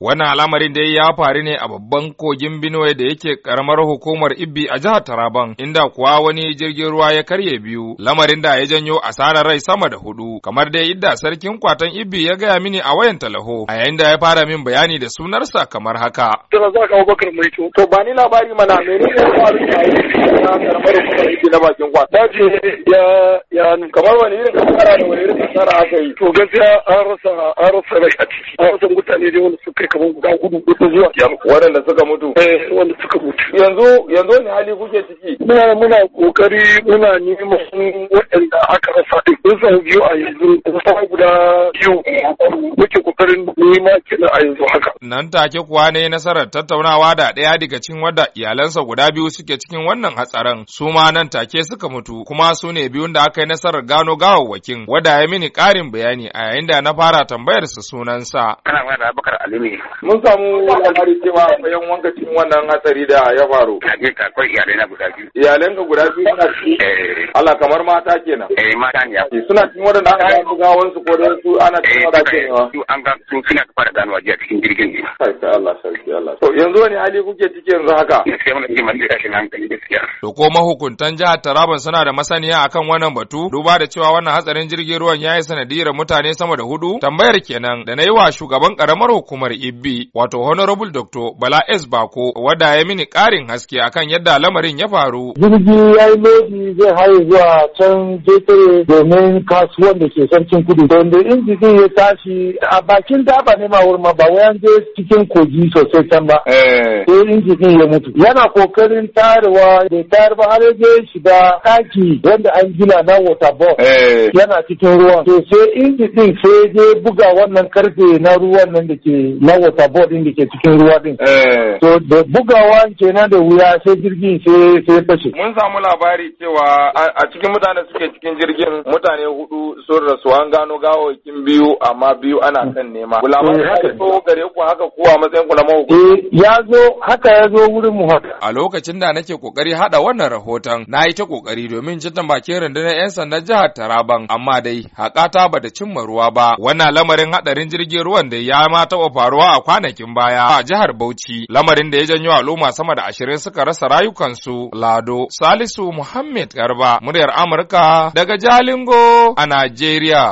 Wannan al'amarin da ya faru ne a babban kogin Benue da yake karamar hukumar Ibbi a jihar Taraban, inda kuwa wani jirgin ruwa ya karye biyu, lamarin da ya janyo asarar rai sama da hudu, kamar dai idda sarkin kwatan Ibbi ya gaya mini a wayan talaho, a yayin da ya fara min bayani da sunarsa kamar haka. Tana za ka Abubakar Maito, to ba ni labari mana menene ya faru karamar hukumar yake na bakin kwa ta ce ya ya kamar wani irin kasara da wani irin kasara aka yi to gaskiya an rasa an rasa rai a ciki an rasa mutane dai wanda suka kai kamar guda hudu da zuwa kiyama waɗanda suka mutu eh wanda suka mutu yanzu yanzu ne hali kuke ciki muna muna kokari muna neman waɗanda aka rasa din sun samu biyu a yanzu sun guda biyu muke kokarin nema kenan a yanzu haka nan take kuwa ne nasarar tattaunawa da ɗaya daga cikin wadda iyalansa guda biyu suke cikin wannan hatsarin yaran su ma nan take suka mutu kuma su ne biyun da aka yi nasarar gano gawawwakin wada ya mini ƙarin bayani a yayin da na fara tambayar su sunansa. Kana magana da Abubakar alimi. ne. Mun samu labari cewa bayan wanka cikin wannan hatsari da ya faru. ka akwai iyalai na guda biyu. Iyalan ka guda biyu suna ciki. Eh. Allah kamar mata kenan. Eh mata ne. Eh, suna cikin wadanda aka yi gawan su ko da su ana cikin wadanda eh, ke nawa. Su an ga su suna fara gano jiya cikin jirgin ne. Sai Allah sai Allah. To yanzu wani hali kuke ciki yanzu haka? Sai mun ji mun nan kan gaskiya. To ko mahukuntan jihar Taraban suna da masaniya akan wannan batu duba da cewa wannan hatsarin jirgin ruwan ya yi sanadiyar mutane sama da hudu tambayar kenan da na yi wa shugaban karamar hukumar Ibbi wato Honorable Dr. Bala S Bako wadda ya mini karin haske akan yadda lamarin ya faru. Jirgi yayi yi lodi zai haye zuwa can jefe domin kasuwan da ke sarkin kudu wanda injin ya tashi a bakin daba ne ma wurma ba an je cikin kogi sosai can ba. Eh. Sai injin ya mutu. Yana kokarin tarewa da bayar ba har shi shiga kaki wanda an gina na water box eh. yana cikin ruwan to sai inji din sai je buga wannan karfe na ruwan nan da ke na water box din da ke cikin ruwa din eh. to da bugawa kenan da wuya sai jirgin sai sai fashe mun samu labari cewa a cikin mutane suke cikin jirgin mutane hudu sun rasu an gano gawawakin biyu amma biyu ana kan nema gulaman eh, ya zo gare ku haka kuwa matsayin ku na mahukunta ya zo haka ya zo wurin mu haka a lokacin da nake kokari hada wannan rahoton na yi ta kokari domin jin bakin rundunar 'yan sandan jihar Taraban amma dai hakata da cimma ruwa ba wannan lamarin hadarin jirgin ruwan da ya ma taɓa faruwa a kwanakin baya a jihar Bauchi lamarin da ya janyo al'umma sama da ashirin suka rasa rayukansu Lado Salisu Muhammad Garba muryar Amurka daga Jalingo a Najeriya.